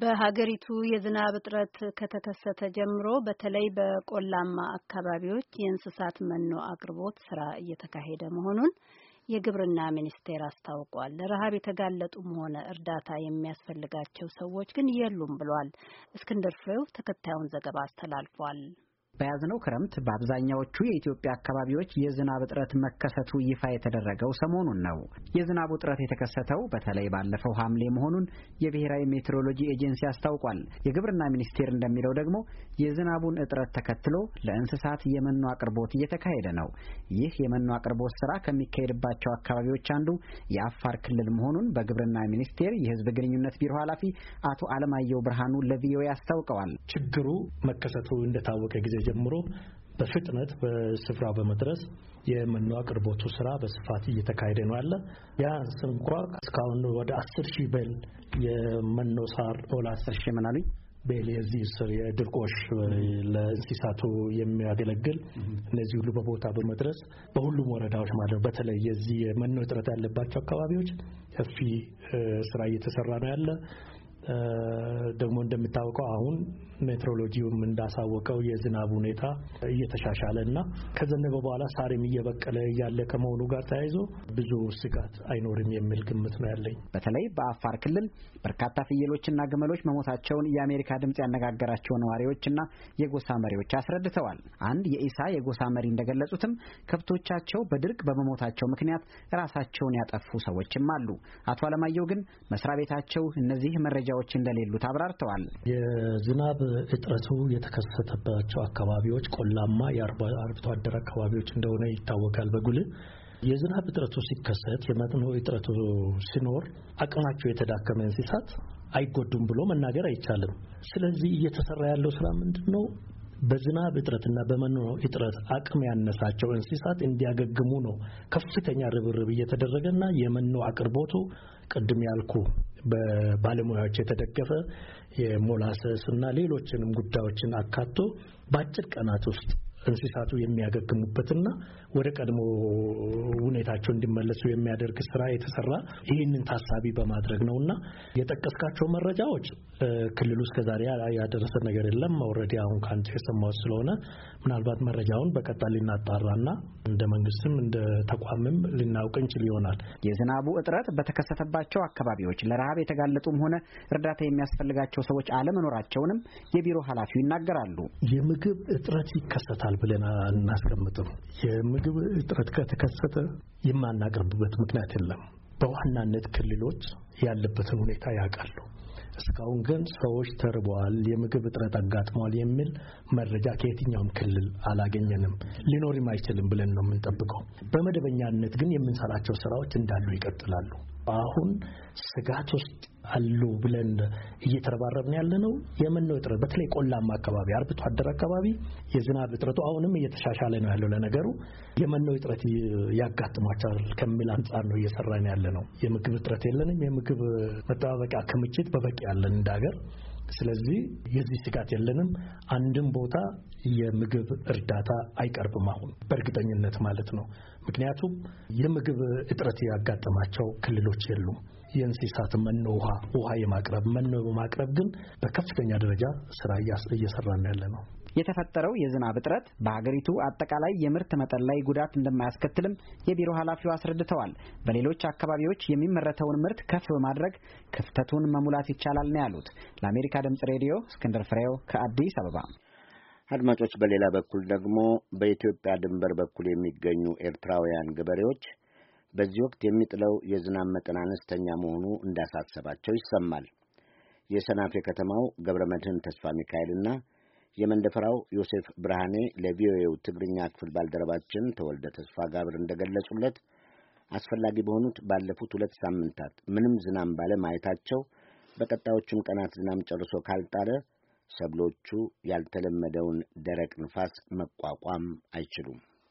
በሀገሪቱ የዝናብ እጥረት ከተከሰተ ጀምሮ በተለይ በቆላማ አካባቢዎች የእንስሳት መኖ አቅርቦት ስራ እየተካሄደ መሆኑን የግብርና ሚኒስቴር አስታውቋል። ለረሀብ የተጋለጡም ሆነ እርዳታ የሚያስፈልጋቸው ሰዎች ግን የሉም ብሏል። እስክንድር ፍሬው ተከታዩን ዘገባ አስተላልፏል። በያዝነው ክረምት በአብዛኛዎቹ የኢትዮጵያ አካባቢዎች የዝናብ እጥረት መከሰቱ ይፋ የተደረገው ሰሞኑን ነው። የዝናቡ እጥረት የተከሰተው በተለይ ባለፈው ሐምሌ መሆኑን የብሔራዊ ሜትሮሎጂ ኤጀንሲ አስታውቋል። የግብርና ሚኒስቴር እንደሚለው ደግሞ የዝናቡን እጥረት ተከትሎ ለእንስሳት የመኖ አቅርቦት እየተካሄደ ነው። ይህ የመኖ አቅርቦት ስራ ከሚካሄድባቸው አካባቢዎች አንዱ የአፋር ክልል መሆኑን በግብርና ሚኒስቴር የህዝብ ግንኙነት ቢሮ ኃላፊ አቶ አለማየሁ ብርሃኑ ለቪኦኤ አስታውቀዋል። ችግሩ መከሰቱ እንደታወቀ ጊዜ ጀምሮ በፍጥነት በስፍራ በመድረስ የመኖ አቅርቦቱ ስራ በስፋት እየተካሄደ ነው ያለ። ቢያንስ እንኳ እስካሁን ወደ አስር ሺህ በል የመኖ ሳር ወደ አስር ሺህ ምን አሉኝ ቤል የዚህ ስር የድርቆሽ ለእንስሳቱ የሚያገለግል እነዚህ ሁሉ በቦታ በመድረስ በሁሉም ወረዳዎች ማለት ነው። በተለይ የዚህ የመኖ እጥረት ያለባቸው አካባቢዎች ሰፊ ስራ እየተሰራ ነው ያለ። ደግሞ እንደሚታወቀው አሁን ሜትሮሎጂውም እንዳሳወቀው የዝናብ ሁኔታ እየተሻሻለ እና ከዘነበ በኋላ ሳርም እየበቀለ እያለ ከመሆኑ ጋር ተያይዞ ብዙ ስጋት አይኖርም የሚል ግምት ነው ያለኝ። በተለይ በአፋር ክልል በርካታ ፍየሎችና ግመሎች መሞታቸውን የአሜሪካ ድምጽ ያነጋገራቸው ነዋሪዎችና የጎሳ መሪዎች አስረድተዋል። አንድ የኢሳ የጎሳ መሪ እንደገለጹትም ከብቶቻቸው በድርቅ በመሞታቸው ምክንያት ራሳቸውን ያጠፉ ሰዎችም አሉ። አቶ አለማየሁ ግን መስሪያ ቤታቸው እነዚህ መረጃ መረጃዎች እንደሌሉት አብራርተዋል። የዝናብ እጥረቱ የተከሰተባቸው አካባቢዎች ቆላማ የአርብቶ አደር አካባቢዎች እንደሆነ ይታወቃል በጉልህ የዝናብ እጥረቱ ሲከሰት የመጥኖ እጥረቱ ሲኖር አቅማቸው የተዳከመ እንስሳት አይጎዱም ብሎ መናገር አይቻልም። ስለዚህ እየተሰራ ያለው ስራ ምንድን ነው? በዝናብ እጥረትና በመኖ እጥረት አቅም ያነሳቸው እንስሳት እንዲያገግሙ ነው ከፍተኛ ርብርብ እየተደረገና የመኖ አቅርቦቱ ቅድም ያልኩ በባለሙያዎች የተደገፈ የሞላሰስ እና ሌሎችንም ጉዳዮችን አካቶ በአጭር ቀናት ውስጥ እንስሳቱ የሚያገግሙበትና ወደ ቀድሞ ሁኔታቸው እንዲመለሱ የሚያደርግ ስራ የተሰራ ይህንን ታሳቢ በማድረግ ነው እና የጠቀስካቸው መረጃዎች ክልሉ እስከዛሬ ያደረሰ ነገር የለም። ኦልሬዲ አሁን ከአንተ የሰማሁት ስለሆነ ምናልባት መረጃውን በቀጣይ ልናጣራና እንደ መንግስትም እንደ ተቋምም ልናውቅ እንችል ይሆናል። የዝናቡ እጥረት በተከሰተባቸው አካባቢዎች ለረሃብ የተጋለጡም ሆነ እርዳታ የሚያስፈልጋቸው ሰዎች አለመኖራቸውንም የቢሮ ኃላፊው ይናገራሉ። የምግብ እጥረት ይከሰታል ይሆናል ብለን አናስቀምጥም። የምግብ እጥረት ከተከሰተ የማናቀርብበት ምክንያት የለም። በዋናነት ክልሎች ያለበትን ሁኔታ ያውቃሉ። እስካሁን ግን ሰዎች ተርበዋል፣ የምግብ እጥረት አጋጥሟል የሚል መረጃ ከየትኛውም ክልል አላገኘንም። ሊኖርም አይችልም ብለን ነው የምንጠብቀው። በመደበኛነት ግን የምንሰራቸው ስራዎች እንዳሉ ይቀጥላሉ። አሁን ስጋት ውስጥ አሉ ብለን እየተረባረብን ያለነው የመኖ እጥረት፣ በተለይ ቆላማ አካባቢ፣ አርብቶ አደር አካባቢ የዝናብ እጥረቱ አሁንም እየተሻሻለ ነው ያለው። ለነገሩ የመኖ እጥረት ያጋጥሟቸዋል ከሚል አንጻር ነው እየሰራን ያለ ነው። የምግብ እጥረት የለንም። የምግብ መጠባበቂያ ክምችት በበቂ ያለን እንደ ሀገር ስለዚህ የዚህ ስጋት የለንም። አንድም ቦታ የምግብ እርዳታ አይቀርብም አሁን በእርግጠኝነት ማለት ነው። ምክንያቱም የምግብ እጥረት ያጋጠማቸው ክልሎች የሉም። የእንስሳት መኖ ውሃ ውሃ የማቅረብ መኖ በማቅረብ ግን በከፍተኛ ደረጃ ስራ እየሰራን ያለ ነው። የተፈጠረው የዝናብ እጥረት በሀገሪቱ አጠቃላይ የምርት መጠን ላይ ጉዳት እንደማያስከትልም የቢሮ ኃላፊው አስረድተዋል። በሌሎች አካባቢዎች የሚመረተውን ምርት ከፍ በማድረግ ክፍተቱን መሙላት ይቻላል ነው ያሉት። ለአሜሪካ ድምጽ ሬዲዮ እስክንድር ፍሬው ከአዲስ አበባ። አድማጮች፣ በሌላ በኩል ደግሞ በኢትዮጵያ ድንበር በኩል የሚገኙ ኤርትራውያን ገበሬዎች በዚህ ወቅት የሚጥለው የዝናብ መጠን አነስተኛ መሆኑ እንዳሳሰባቸው ይሰማል። የሰናፌ ከተማው ገብረ መድህን ተስፋ ሚካኤልና የመንደፈራው ዮሴፍ ብርሃኔ ለቪኦኤው ትግርኛ ክፍል ባልደረባችን ተወልደ ተስፋ ጋብር እንደገለጹለት አስፈላጊ በሆኑት ባለፉት ሁለት ሳምንታት ምንም ዝናም ባለ ማየታቸው በቀጣዮቹም ቀናት ዝናም ጨርሶ ካልጣለ ሰብሎቹ ያልተለመደውን ደረቅ ንፋስ መቋቋም አይችሉም።